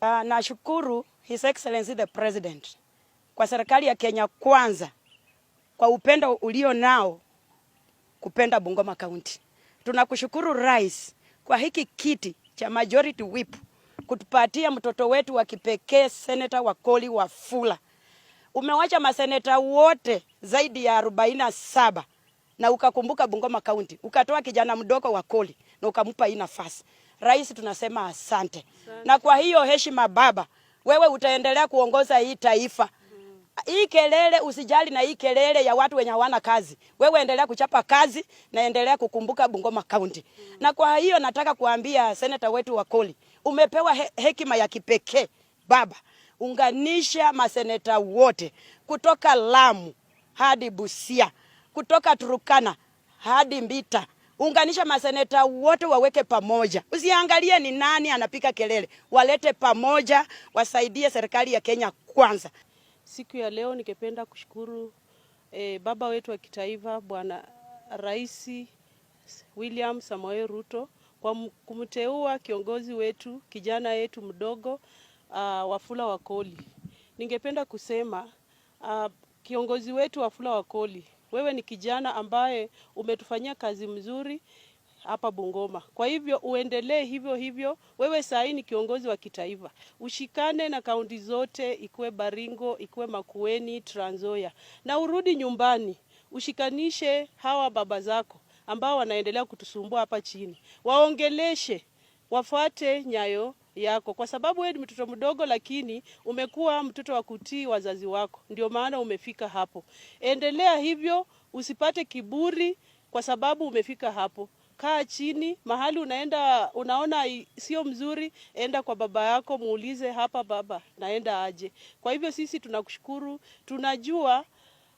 Uh, nashukuru His Excellency the President kwa serikali ya Kenya Kwanza kwa upendo ulio nao kupenda Bungoma County. Tunakushukuru Rais kwa hiki kiti cha majority whip kutupatia mtoto wetu wa kipekee Senator Wakoli Wafula. Umewacha maseneta wote zaidi ya arobaini na saba na ukakumbuka Bungoma County, ukatoa kijana mdogo Wakoli na ukamupa hii nafasi. Rais tunasema asante. Asante. Na kwa hiyo heshima, baba, wewe utaendelea kuongoza hii taifa hii kelele usijali, na hii kelele ya watu wenye hawana kazi, wewe endelea kuchapa kazi na endelea kukumbuka Bungoma County. Mm. Na kwa hiyo nataka kuambia seneta wetu Wakoli, umepewa he hekima ya kipekee baba, unganisha maseneta wote kutoka Lamu hadi Busia, kutoka Turukana hadi Mbita Unganisha maseneta wote waweke pamoja, usiangalie ni nani anapika kelele, walete pamoja, wasaidie serikali ya Kenya kwanza. Siku ya leo ningependa kushukuru eh, baba wetu wa kitaifa Bwana Rais William Samoei Ruto kwa kumteua kiongozi wetu kijana yetu mdogo uh, Wafula Wakoli. Ningependa kusema uh, kiongozi wetu Wafula Wakoli wewe ni kijana ambaye umetufanyia kazi mzuri hapa Bungoma. Kwa hivyo uendelee hivyo hivyo. Wewe saa hii ni kiongozi wa kitaifa, ushikane na kaunti zote, ikuwe Baringo, ikuwe Makueni, Trans Nzoia, na urudi nyumbani, ushikanishe hawa baba zako ambao wanaendelea kutusumbua hapa chini, waongeleshe, wafuate nyayo yako, kwa sababu wewe ni mtoto mdogo, lakini umekuwa mtoto wa kutii wazazi wako, ndio maana umefika hapo. Endelea hivyo, usipate kiburi kwa sababu umefika hapo. Kaa chini, mahali unaenda unaona sio mzuri, enda kwa baba yako, muulize, hapa baba, naenda aje? Kwa hivyo sisi tunakushukuru, tunajua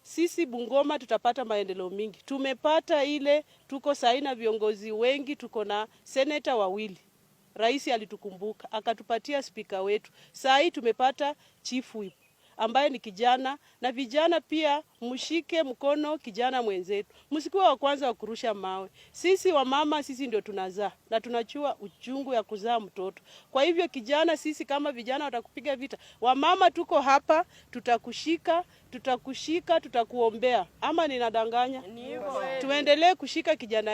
sisi Bungoma tutapata maendeleo mingi. Tumepata ile, tuko saina na viongozi wengi, tuko na seneta wawili. Rais alitukumbuka akatupatia spika wetu. Saa hii tumepata chief whip ambaye ni kijana, na vijana pia mshike mkono kijana mwenzetu, msikuwe wa kwanza wa kurusha mawe. Sisi wamama, sisi ndio tunazaa na tunachua uchungu ya kuzaa mtoto. Kwa hivyo kijana, sisi kama vijana watakupiga vita, wamama tuko hapa, tutakushika, tutakushika, tutakuombea. Ama ninadanganya? Tuendelee kushika kijana.